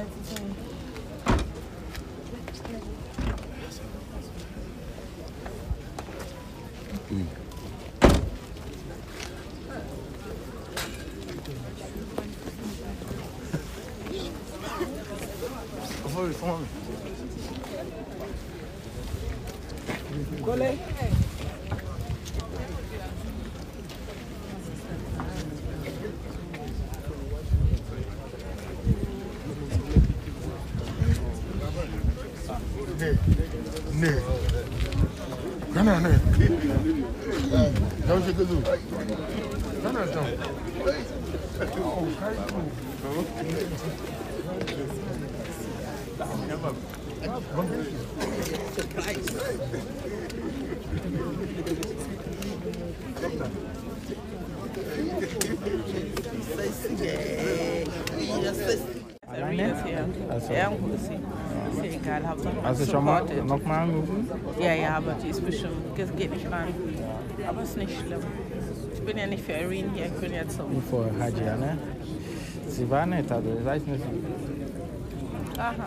嗯。我回去送 angerufen? Ja, ja, aber die ist bestimmt, geht, geht nicht rein. Aber ist nicht schlimm. Ich bin ja nicht für Irene hier, ich bin ja zum. Nur für Hajia, ne? Sie war also, nicht, also ich weiß nicht. Aha.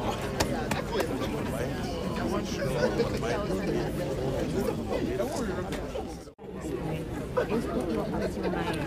my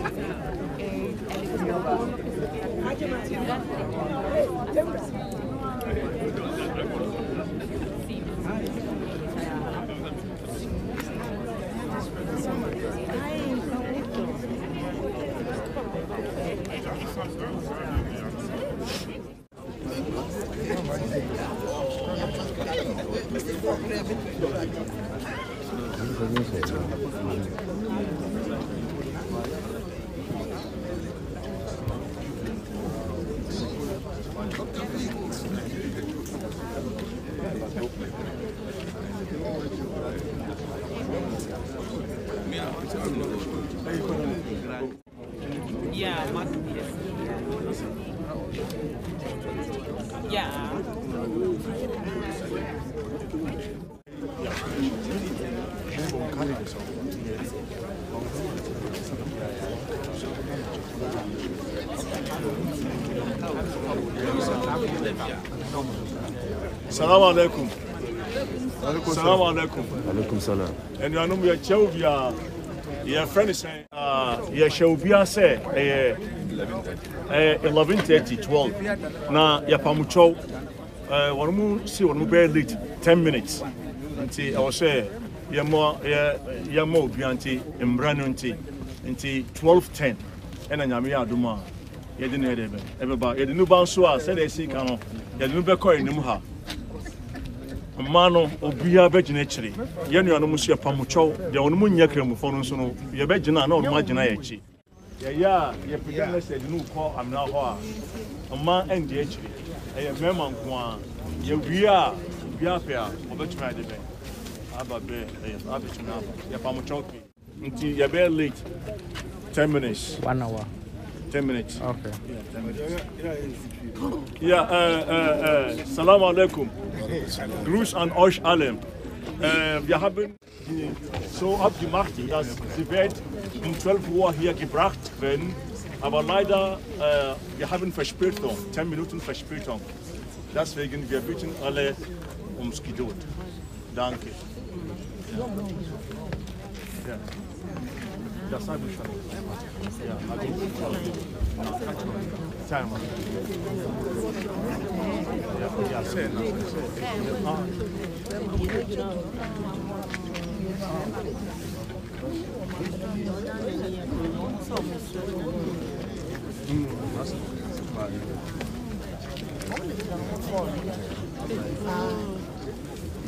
salamu alaikum Salam alaikum alaikum salam anuanom yɛkyɛ wo bia yɛfrɛ ne sɛn yɛhyɛ wo bia sɛ ɛyɛ ɛyɛ 11:30 12 na yɛpamokyɛw uh, wɔn mu si wɔn mu bɛyɛ late 10 minutes nti ɛwɔ sɛ uh, yɛmɔ yɛ yɛmɔ obia nti mbra no nti nti 12:10 ɛna nyame yɛ adom a yɛde no yɛde bɛ ɛbɛba yɛde no ba nso a sɛdeɛ ɛsi ka no yɛde no bɛkɔ anim ha mmaa no obiara bɛgyina akyiri yɛn nuanom nso yɛpam kyɛw deɛ wɔn mu nyɛ kramufo no nso no yɛbɛgyina na wɔn agyina yɛn akyi yɛyɛ a yɛpagya no sɛ de no kɔ amena hɔ a mmaa ɛndi akyiri ɛyɛ mmarima nko a yɛwie a obiara pɛ a wɔbɛtumi ade bɛn aba bɛ ɛyɛ abɛtumi aba yɛpam kyɛw pii nti yɛbɛyɛ late ten minutes one hour 10 minutes. Okay. Ja, äh, äh, äh, Salam alaikum. Gruß an euch alle. Äh, wir haben so abgemacht, dass die Welt um 12 Uhr hier gebracht werden. Aber leider, äh, wir haben Verspätung, 10 Minuten Verspätung. Deswegen, wir bitten alle ums Geduld. Danke. Ja. Kasar bu işler. Serma. Ya sen. Nasıl?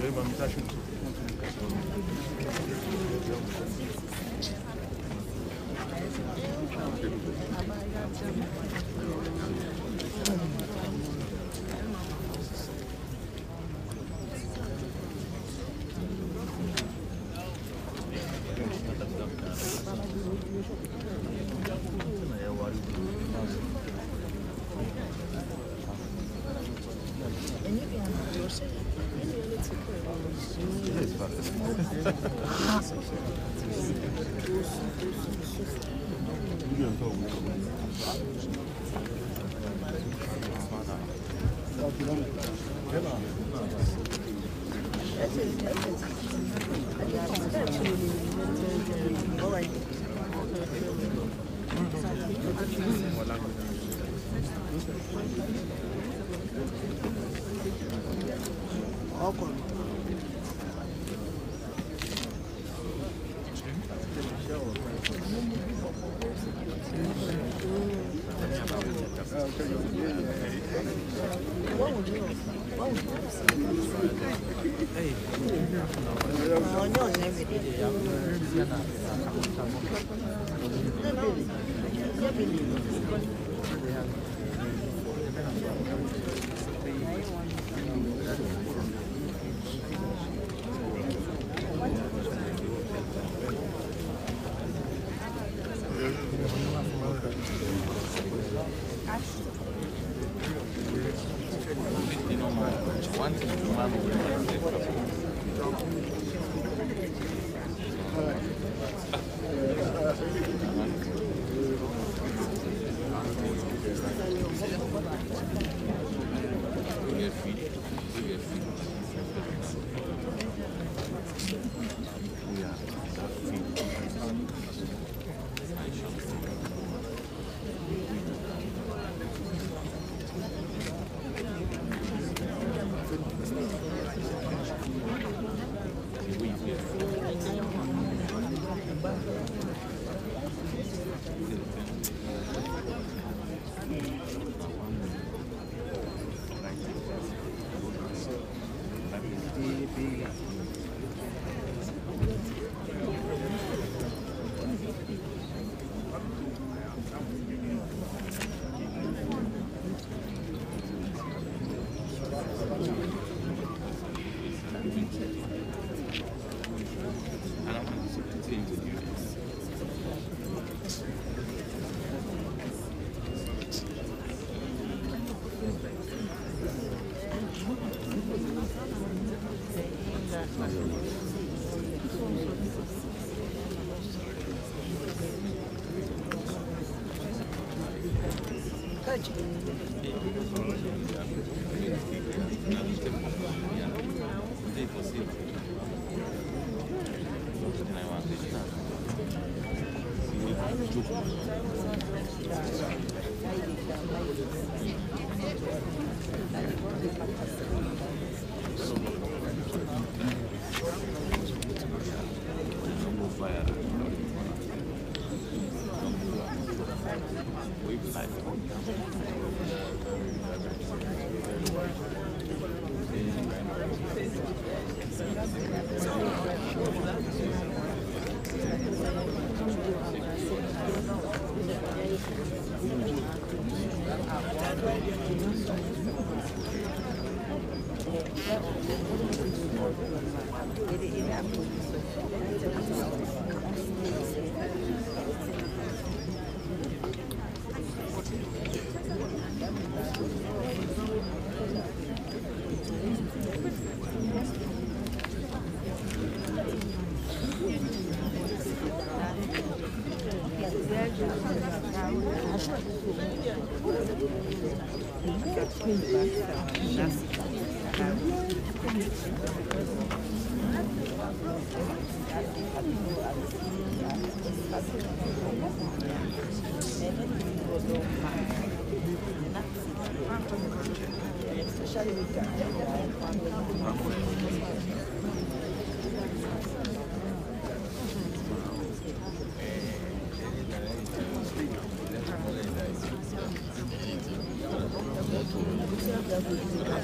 Benim amitaşım. Thank Thank you. ọkọ̀ Thank you. Yeah. No. しゃりみたいな。Thank you.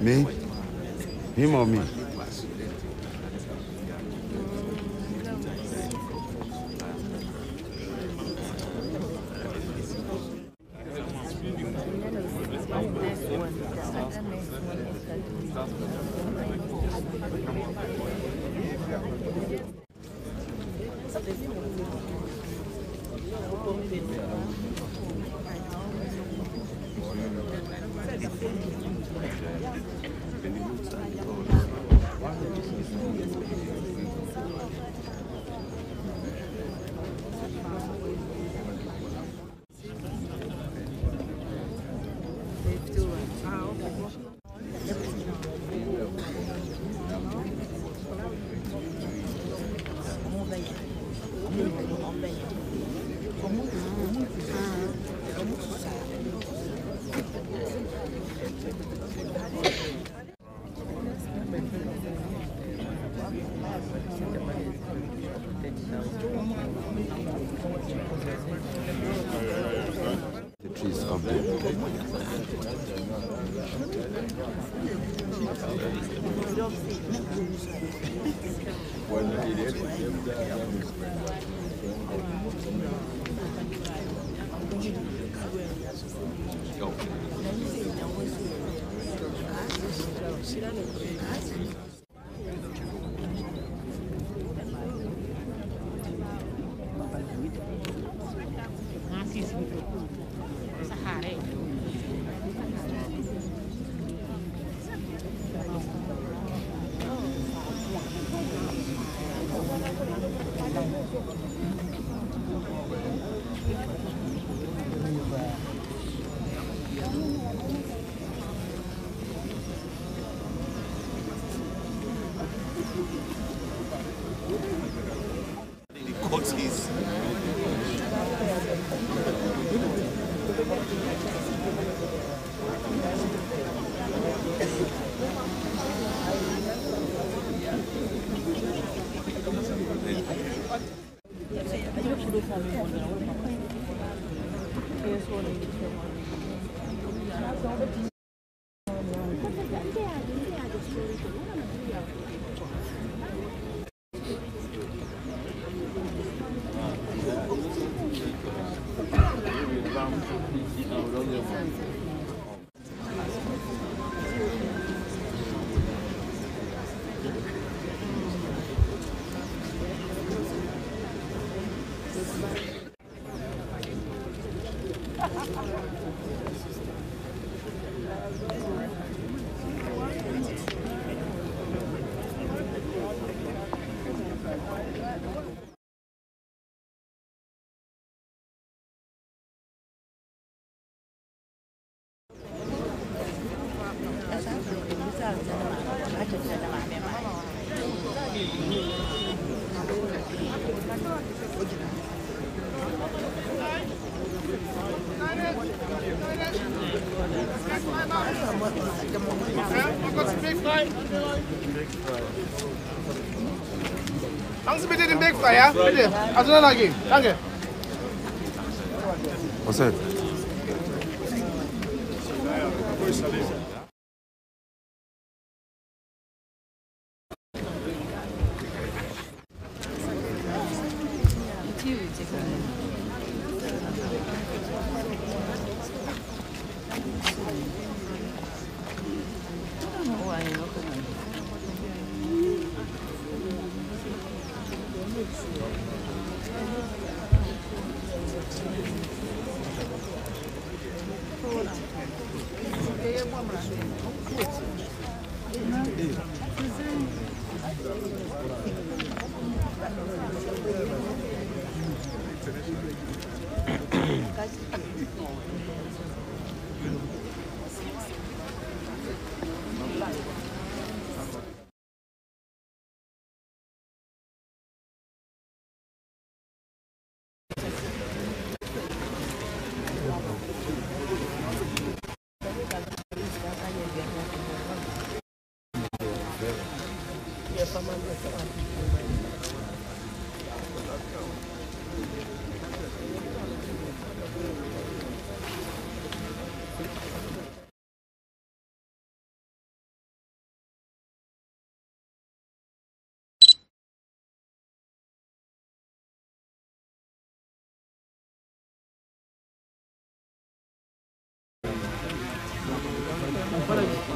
Me? Him or me? been she Machen Sie bitte den Weg frei, ja? Bitte. Auseinander gehen. Danke. Was denn?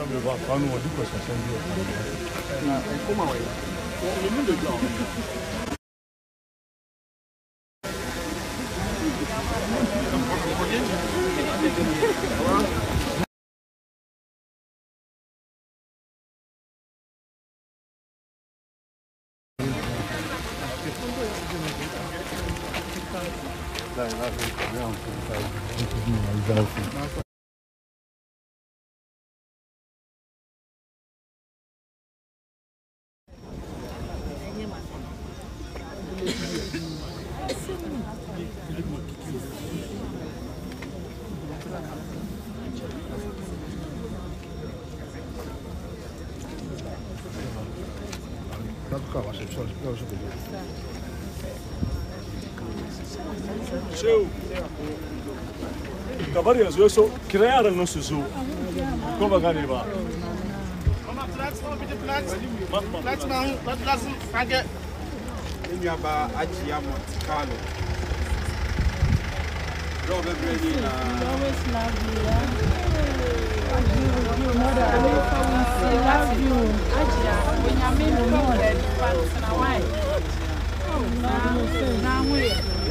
Comment Şey, kabar yazıyor, so lá, aranın sözü. Kova galiba. Mama Platz vamos bitte Platz. Platz machen, Platz lassen, danke. vamos bin ja bei Ajiyama Tikalo. drop everything. We love you. Love you, I love you. Ajia,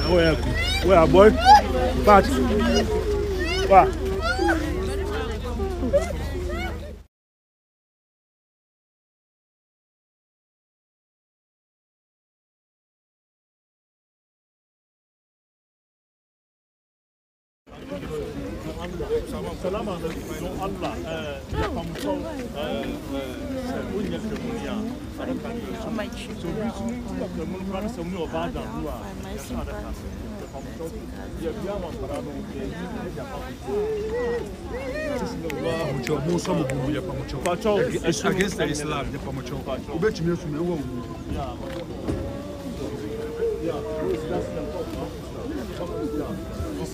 you where? boy? But, what? Selam Hanım, Allah yapamısal Unyal Cumhuriyya Arakan Yusuf. So, bizim kulakla bunu kadar savunuyor bazen bu var. Yaşar Arakan. Yapamısal. Yapıyamam paranı okey. Yapamısal. Mucho, mucho, mucho, yapamısal. Paçol. Against the Islam, yapamısal. Ubeçim yesu mewa ubu. Ya, ya. Ya, ya.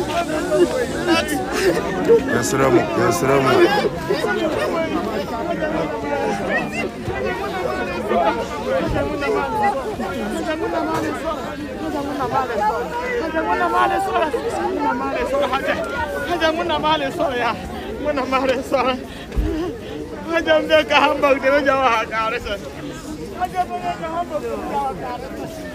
يا سلام هذا منا مالي صار يا منا مالي صار هذا منا كهمبك دي وجهها كارثة هذا منا كهمبك دي وجهها كارثة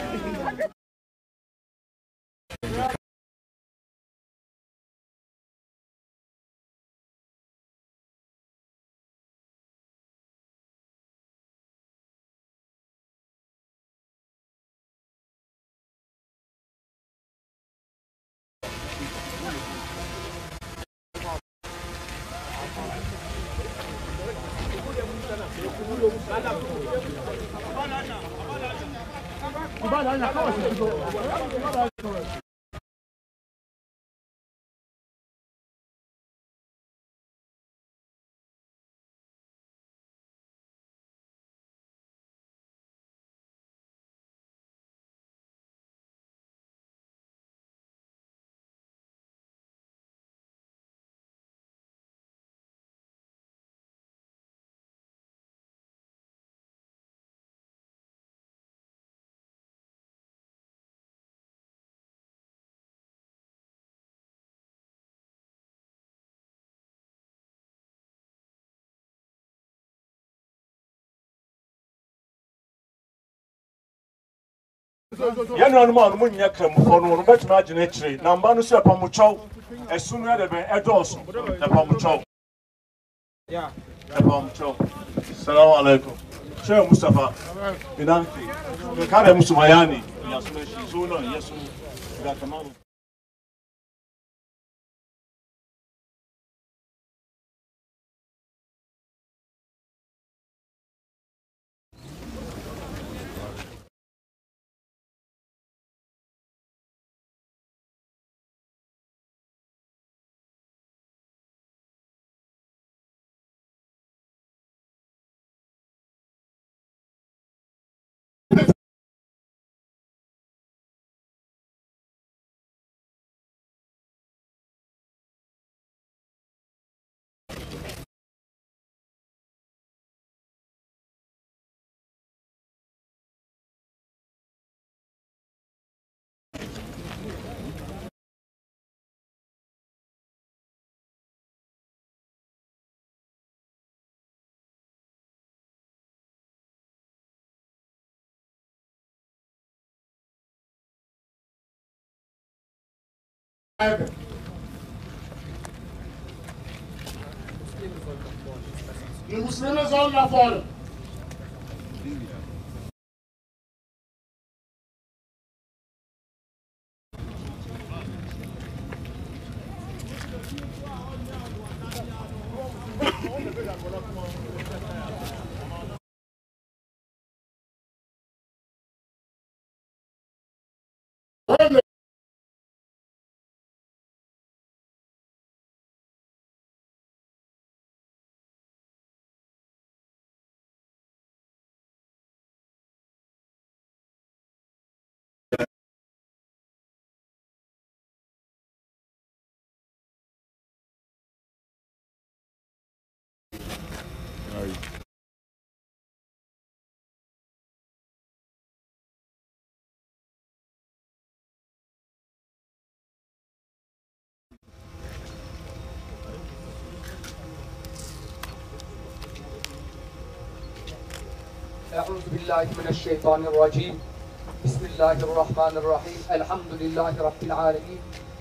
yɛnua no mu a no nyɛ kra mu kɔ no wɔn bɛtumi agye na mba no so ɛpamokyɛw ɛso no ɛdɛbɛn ɛdɔɔso ɛpamokyɛw ɛpamokyɛw salamu alaikum shehu mustapha binanki mekare musumayani yasuma shi so na yasu ga os meninos olham lá fora. أعوذ بالله من الشيطان الرجيم بسم الله الرحمن الرحيم الحمد لله رب العالمين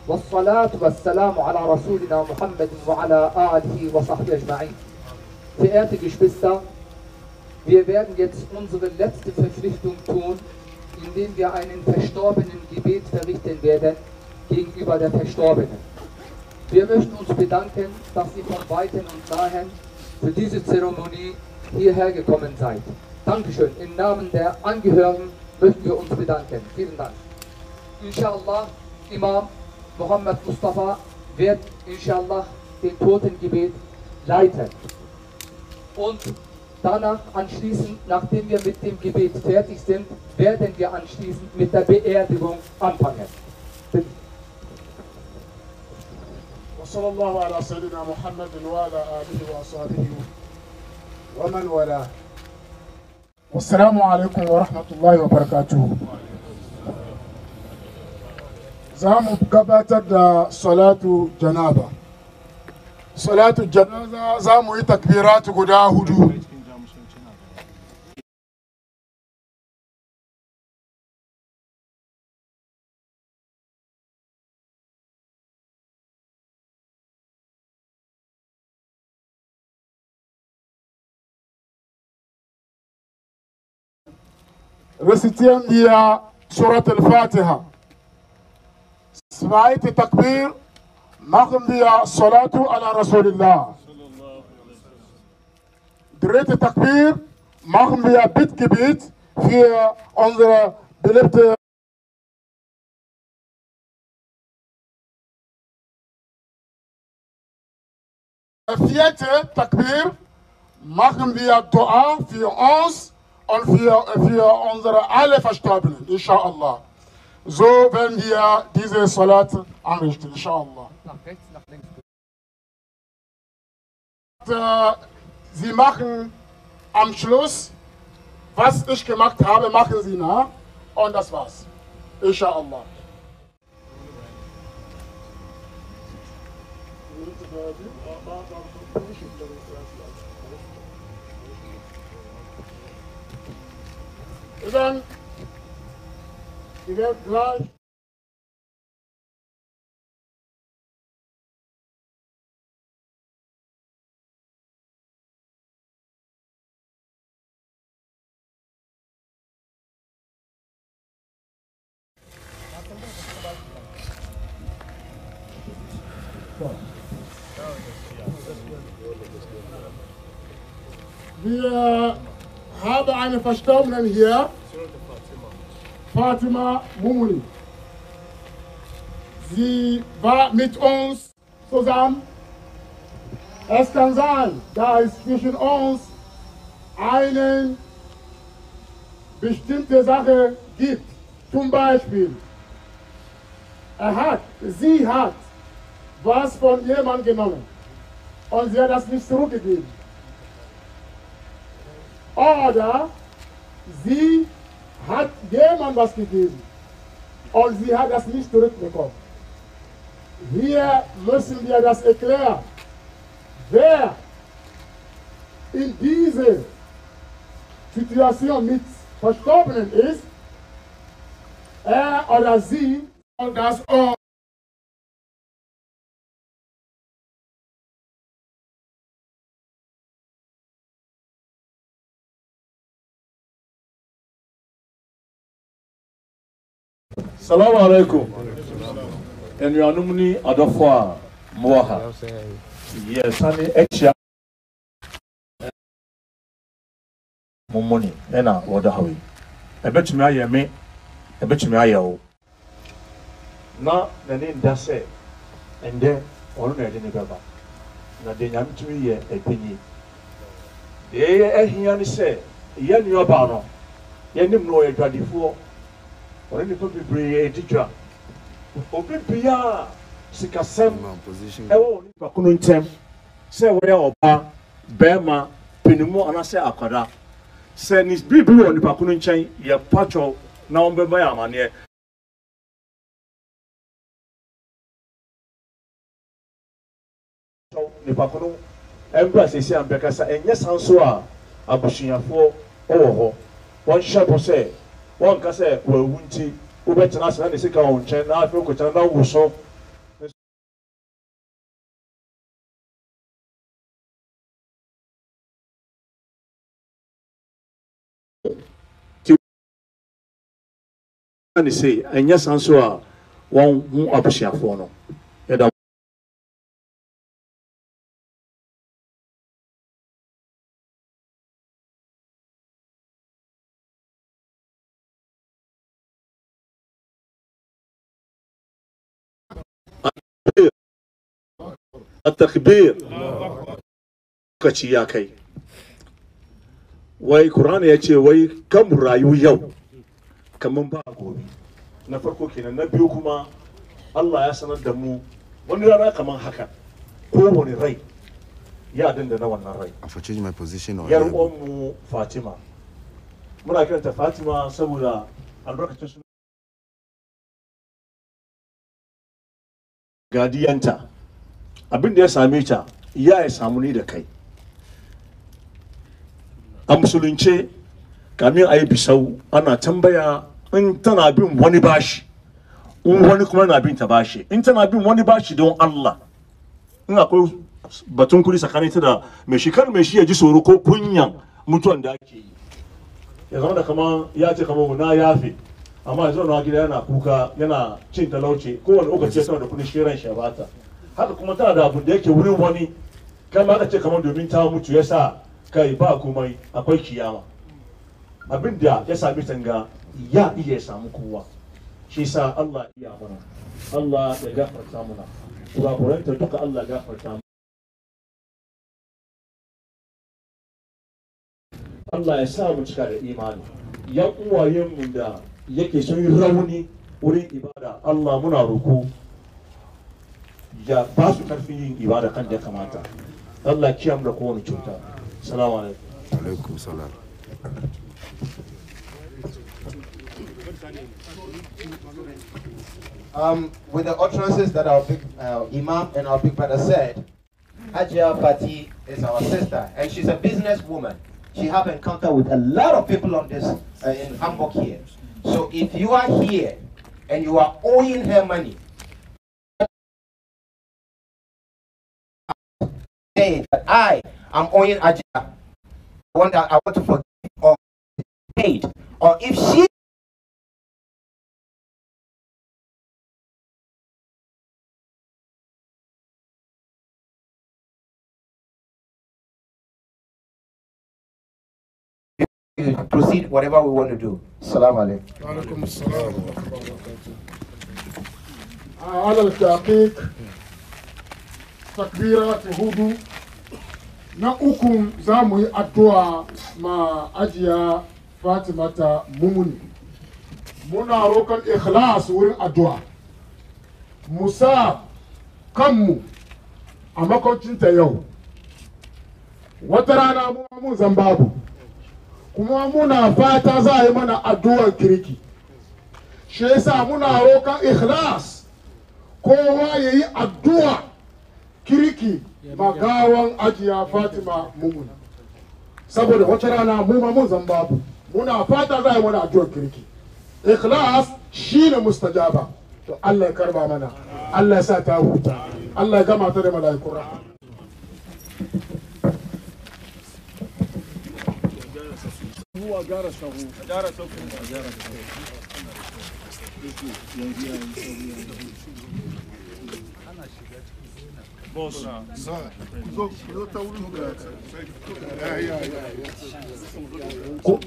والصلاة والسلام على رسولنا Muhammad وعلى آله وصحبه أجمعين Verehrte Geschwister, wir werden jetzt unsere letzte Verpflichtung tun, indem wir einen verstorbenen Gebet verrichten werden gegenüber der Verstorbenen. Wir möchten uns bedanken, dass Sie von Weitem und Nahen für diese Zeremonie hierher gekommen seid. Dankeschön. Im Namen der Angehörigen möchten wir uns bedanken. Vielen Dank. Inshallah, Imam Mohammed Mustafa wird inshallah den Totengebet leiten. Und danach anschließend, nachdem wir mit dem Gebet fertig sind, werden wir anschließend mit der Beerdigung anfangen. Bitte. وصلى الله على سيدنا محمد وعلى آله وأصحابه ومن والاه والسلام عليكم ورحمة الله وبركاته za mu gabatar da salatu janaba salatu janaza za mu yi takbiratu guda hudu rezitieren wir Surat al-Fatiha. Zweite Takbir machen wir Salatu ala Rasulillah. Dritte Takbir machen wir Bittgebet für unsere beliebte Vierte Takbir machen wir Dua für uns und für unsere alle Verstorbenen, inshallah. So werden wir diese Salat anrichten, inshallah. Nach rechts, nach links. Äh, sie machen am Schluss, was ich gemacht habe, machen sie nach. Und das war's. Inshallah. Thank うどんうどんうどん habe einen Verstorbenen hier, Fatima Mumuli. Sie war mit uns zusammen. Es kann sein, da es zwischen uns eine bestimmte Sache gibt. Zum Beispiel, er hat, sie hat was von jemandem genommen und sie hat das nicht zurückgegeben. Oder sie hat jemand was gegeben und sie hat das nicht zurückbekommen. Hier müssen wir das erklären. Wer in diese Situation mit Verstorbenen ist, er oder sie und das auch salamu alaikum anuanom ne adɔfo a mowɔ ha yɛsane akyia momone ɛna wɔda haw yi ɛbɛtumi ayɛ me ɛbɛtumi ayɛ wo na n'ani nda sɛ ɛndɛ ɔno na ɛde ne bɛba na deɛ nyame tumi yɛ ɛpɛnyi deɛ ɛyɛ ahia ne sɛ yɛ nnuabaa no yɛnim no ɔyɛ adwadifoɔ ɔne nipa bebree adi dwa obi biara sikasɛm ɛwɔ wɔn nipa kunu ntɛm sɛ wɔyɛ ɔbaa bɛrima penimu anaasɛ akwadaa sɛ ne biribi wɔ nipa kunu nkyɛn yɛ patwɔ na wɔn bɛma yɛ amaneɛ nipa kunu mbura sisi a mbɛkasa ɛnyɛ san so a abusuafoɔ wɔ hɔ wɔn hyɛ bɔ sɛ wɔn nka sɛ wɔawu nti wobɛtena ase na ne sika wɔn nkyɛn na afei okotena na wo so ne sei ɛnyɛ san so a wɔn ho abusuafoɔ no takbir lokaci ya kai wai Qur'ani ya ce wai kan rayu yau kamar ba gobe na farko kenan na biyu kuma Allah ya sanar da mu wani rana kamar haka kowane rai ya na wannan rai yar uwanmu Fatima muna kiranta Fatima saboda albarkacin su gadiyanta abin da ya same ta ya yi samu ni da kai a musulunce kamin a yi bisau ana tambaya in tana bin wani bashi in wani kuma na bin ta bashi in tana bin wani bashi don Allah in akwai batun kuri tsakanin ta da mai shi kar mai shi ya ji tsoro ko kunyan mutuwan da ake yi ya zama da kama ya ce kama na yafe amma ya zo na gida yana kuka yana cin talauci kowane lokaci sama da kudin shi ran shi ya bata haka kuma tana da abu da yake wurin wani kai ma ce kamar domin ta mutu ya sa kai ba komai akwai kiyama abin da ya sami tanga ya iya samu kowa shi sa Allah iya mana Allah ya gafarta mana kurakuranta duka Allah gafarta mana Allah ya samu cika da imani yan uwayenmu da yake sun yi rauni wurin ibada Allah muna roko ba su karfin yin ibada kan da kamata Allah cuta alaikum alaikum salam Um, with the utterances that our big uh, imam and our big brother said, Hajia Fati is our sister, and she's a businesswoman. She have encounter with a lot of people on this uh, in Hamburg here. So if you are here and you are owing her money, saying that I am on your agenda. I want, that I want to forgive or hate. Or if she proceed whatever we want to do. Salam alaikum. Alaikum salam. takbira ta hudu na uku za mu yi addu'a ma ajiya fatima ta mumuni muna rokan ikhlas wurin addu'a musa kanmu a ta yau wata rana mun zan babu kuma muna fata za a yi mana addu'ar kirki shi yasa muna rokan ikhlas kowa ya yi addu'a kirki magawan ajiya fatima mumun saboda wace rana mu ma mun zan babu muna fata za a yi wani addu'ar kirki ikhlas shine mustajaba to Allah ya karba mana Allah ya sa ta huta Allah ya gama ta da mala'ikun rahama Bolso.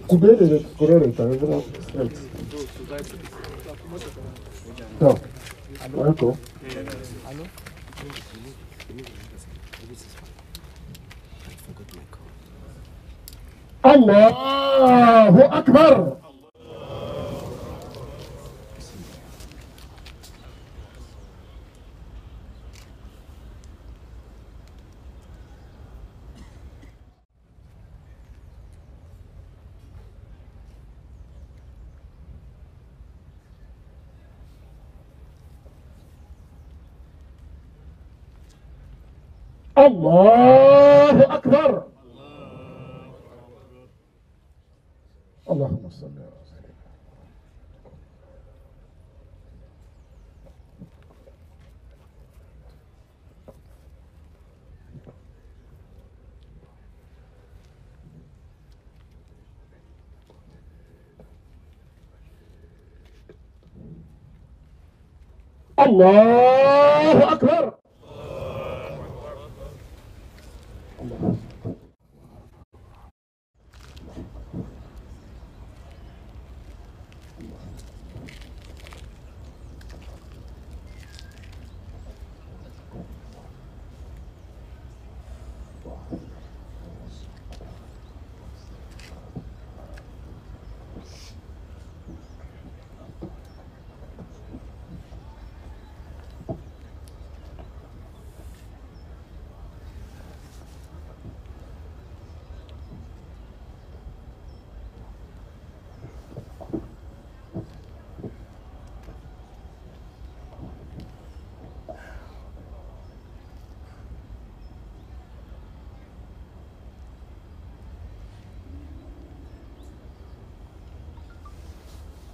Kubeli da tá? ta je vrlo strelci. Da. Ano? Ano? Allahu Akbar! الله أكبر اللهم صل على الله أكبر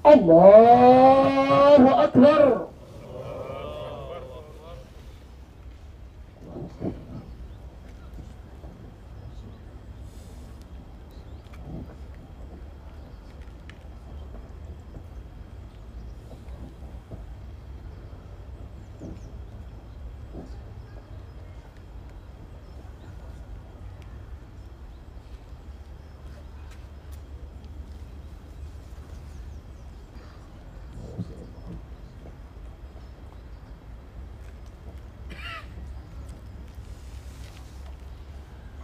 الله أكبر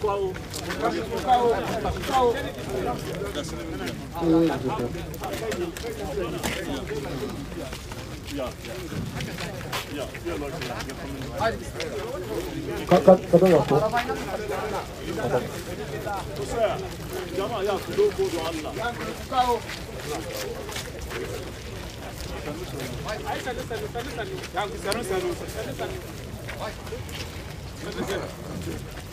qual. qual. Ka ka kadın yaptı. Kadın. Cama yaptı. Doğru doğru Allah. Ay sen de sen de sen de sen de. Ya sen de sen de sen de sen de. Sen de sen de.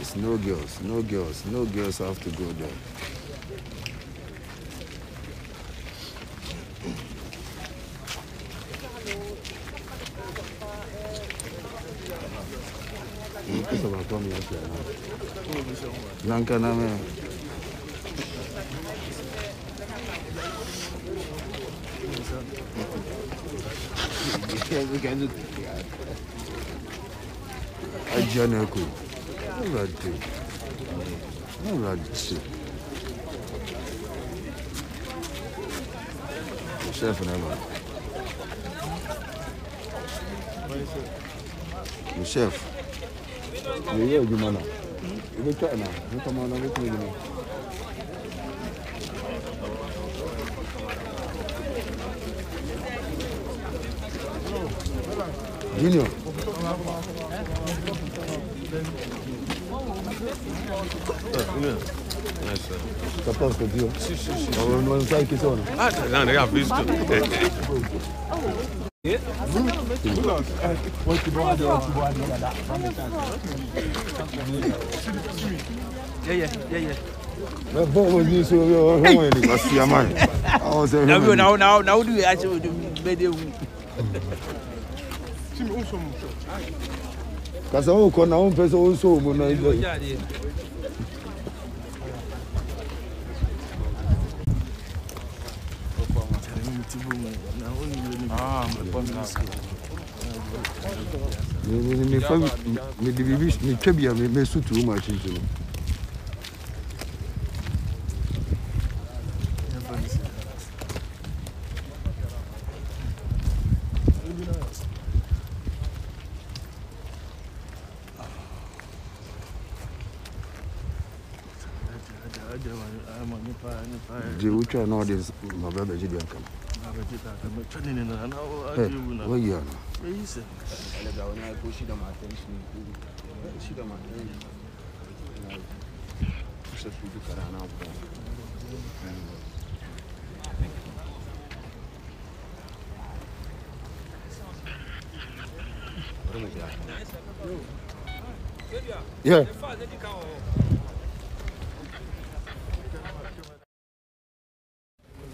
girls, no girls, no girls, no girls have to go there. Nankana me. Ajana ko. Não dá de ter. Não é de O Chefe, né, mano? O chefe. E aí, de mana? Eu vou te dar, vou tomar uma vez comigo, né? Junior. Sta posto, zio? Sì, sì, sì. Non, non sai chi Ah, no, ne ha visto. Oggi buono, oggi buono. Yeah, yeah, yeah, yeah. Mwen bon mwen di sou yo, mwen mwen di kasi ya man. A ou se mwen. Nan mwen nan ou nan ou nan ou di we ase ou di mwen de ou. Si kasa wokɔ na wompɛ sɛ wosoo mu no mede biribi metwa bi a mɛsutuo mu akyinkyino je which one now this my brother Gideon come. Hey, where you are now? Where you say? When I go, she don't attention. She don't attention. Puxa tudo, cara, não. Yeah.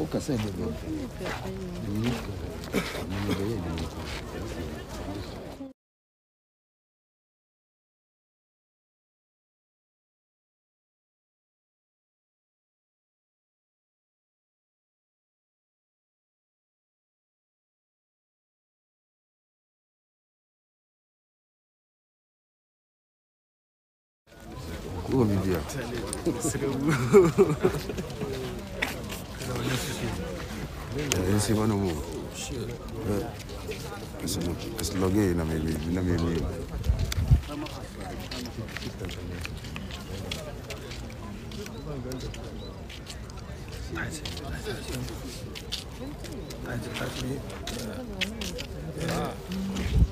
o kasa yɛ bɛ bɔ dumuni kɛ dumuni kɛ dumuni kɛ yɛ dumuni kɛ. Ô, Vivian. é si ano mo? Eh, kasi na may na Thank you.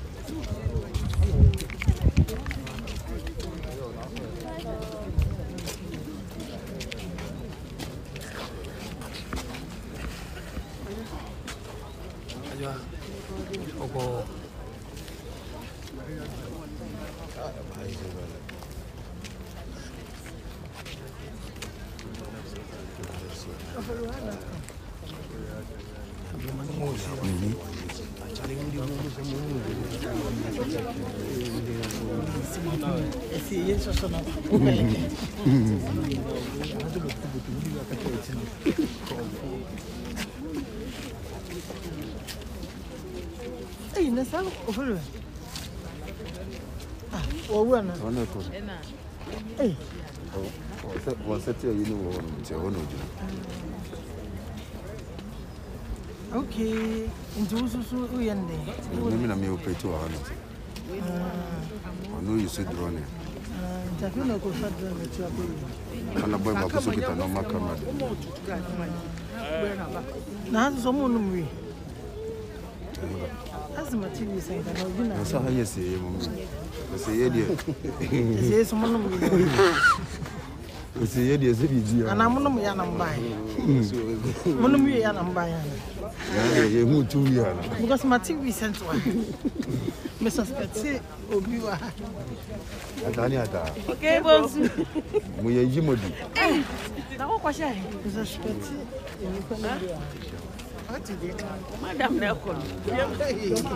சொன்னாங்க என்ன சார் ஒவ்வொரு wɔn sɛ tia yi ni wɔ hɔnom nti ɛhɔ na ogyina ok nti wo so so woyɛ nnɛ ne mi na meyɛ opɛti wɔ hɔ no ɔno yi so dorɔ ne Anabwema kusukita no makamadi. Nazo munu mwi. Azima TV sayda no bina. Nsa haye se mum. Nsa ye die. Se so munu mwi. Nsa ye die se bi dia. Ana munu mwi ana mbai. Munu mwi ana mbai ana. Ya ye mu tu ya. Because my TV sent one mesasikatse obi wa ata ni ok okay bonsu mo ye yi modi eh na ko kwashe mesasikatse emi madame na Madam Nelson.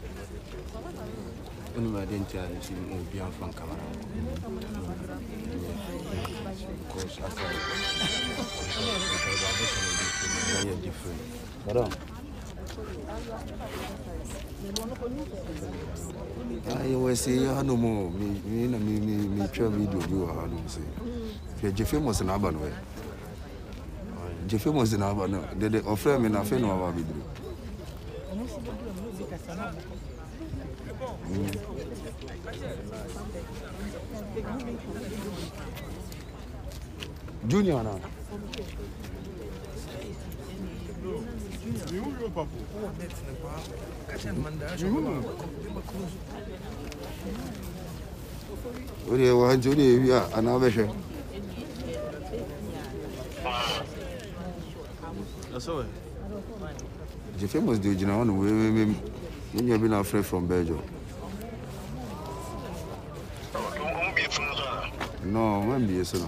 Unimade challenge will be from Kamara. Because after very different. Madam. Ah, ayi wɔ se hanu mu mi mi na mi mi mi twɛ video bi wɔ hanu se fɛ jefe mɔsi na aba no yɛ jefe mɔsi na aba no dede ɔfrɛ mi na fɛn na ɔba bi Junior now. Uri Junior wahanzi uri ya ah, anawabeshe. Asawe. The famous dude, you know, we we we we have been afraid from Belgium. 那万别死了。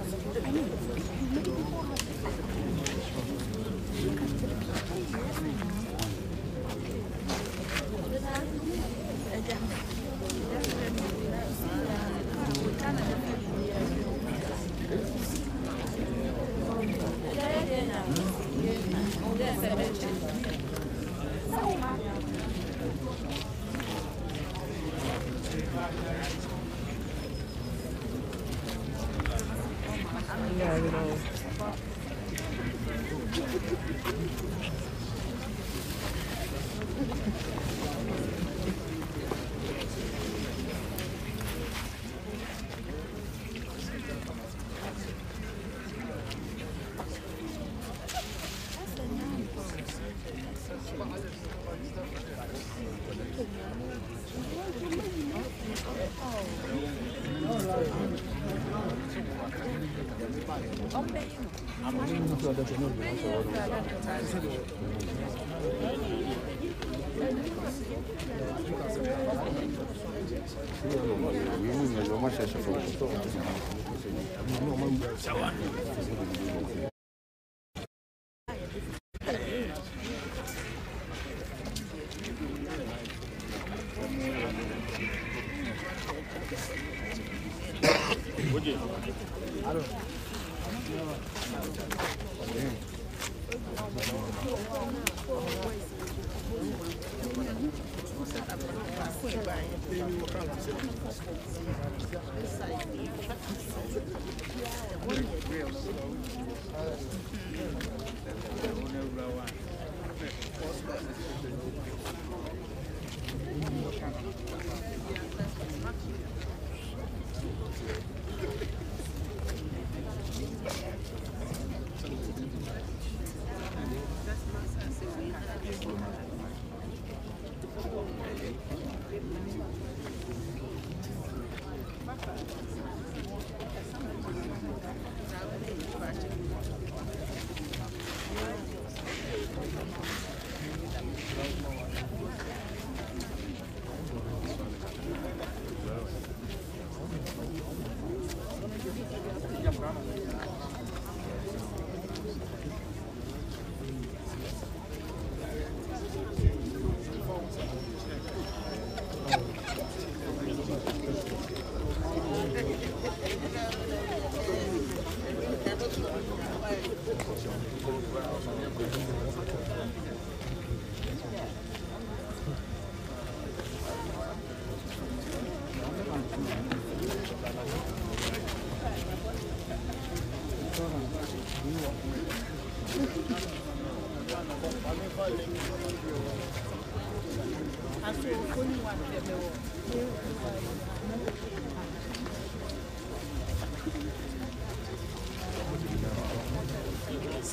one.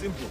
simple.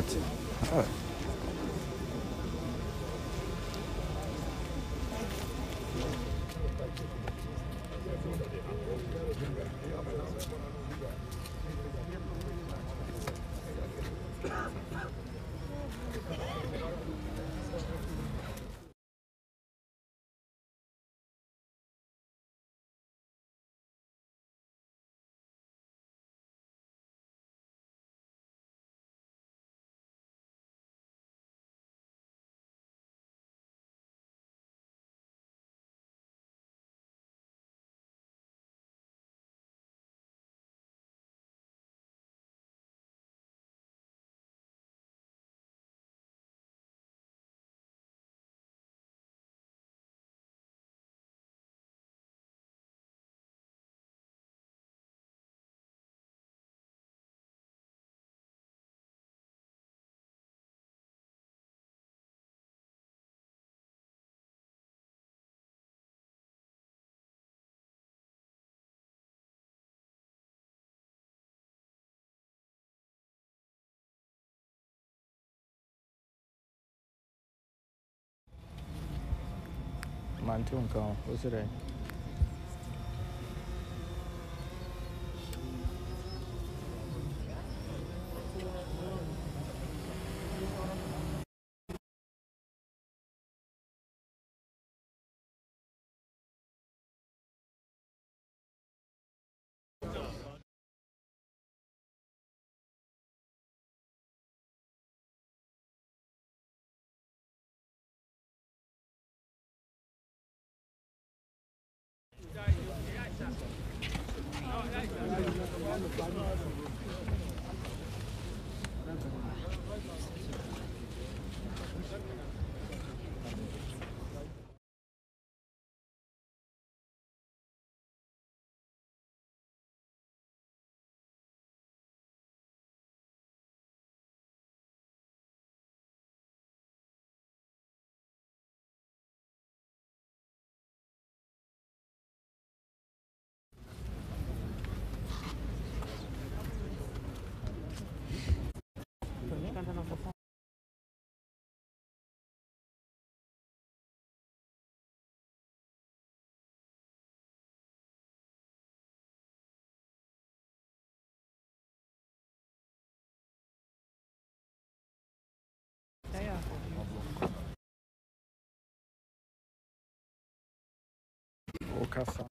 party. Man, tu engkau. What's it like? Thank you. kasa.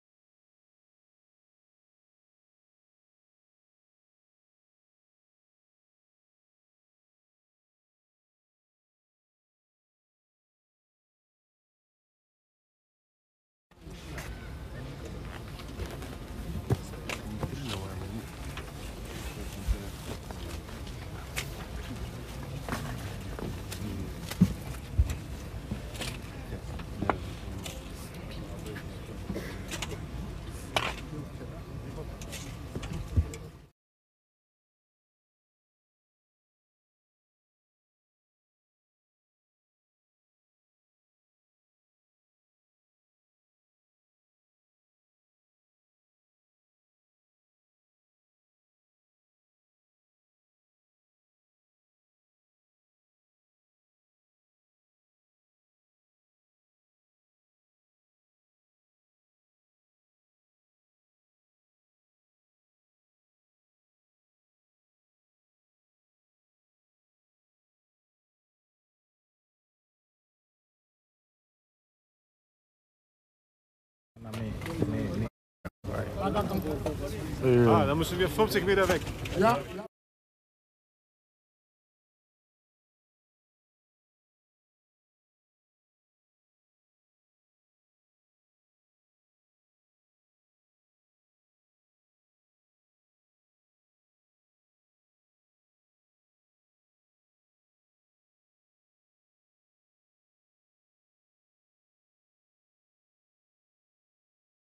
Nee, nee, nee. Ah, dann müssen wir 50 Meter weg. Ja.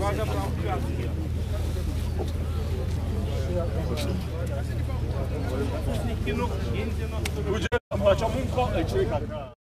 Hocam maça mum